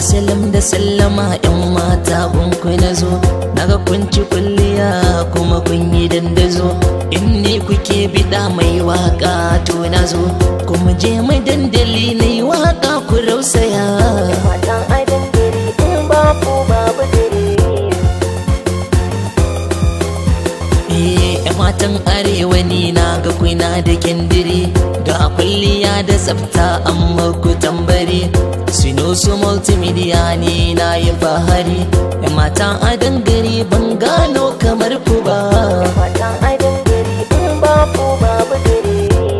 asalam da sallama yan mata kai na zo daga kunci kulliya kuma kun yi dandazo in ne kuke bida mai waka to na zo kuma je mai dandali na yi waka ku rausaya eh, matan arewa ni na ga kuna da kyandiri ga kulliya da tsafta amma ku tambari sinusu multimedia ne na yi bahari matan adan gari ban gano kamar ku ba matan adan gari in ba babu gari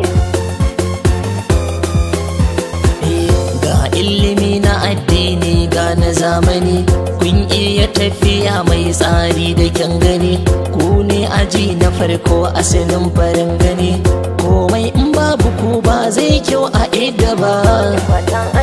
ga ilimi na addini ga na zamani kun iya tafiya mai tsari da kyan gani ku ne aji na farko asalin farin gani komai in babu ku ba zai kyau a idda ba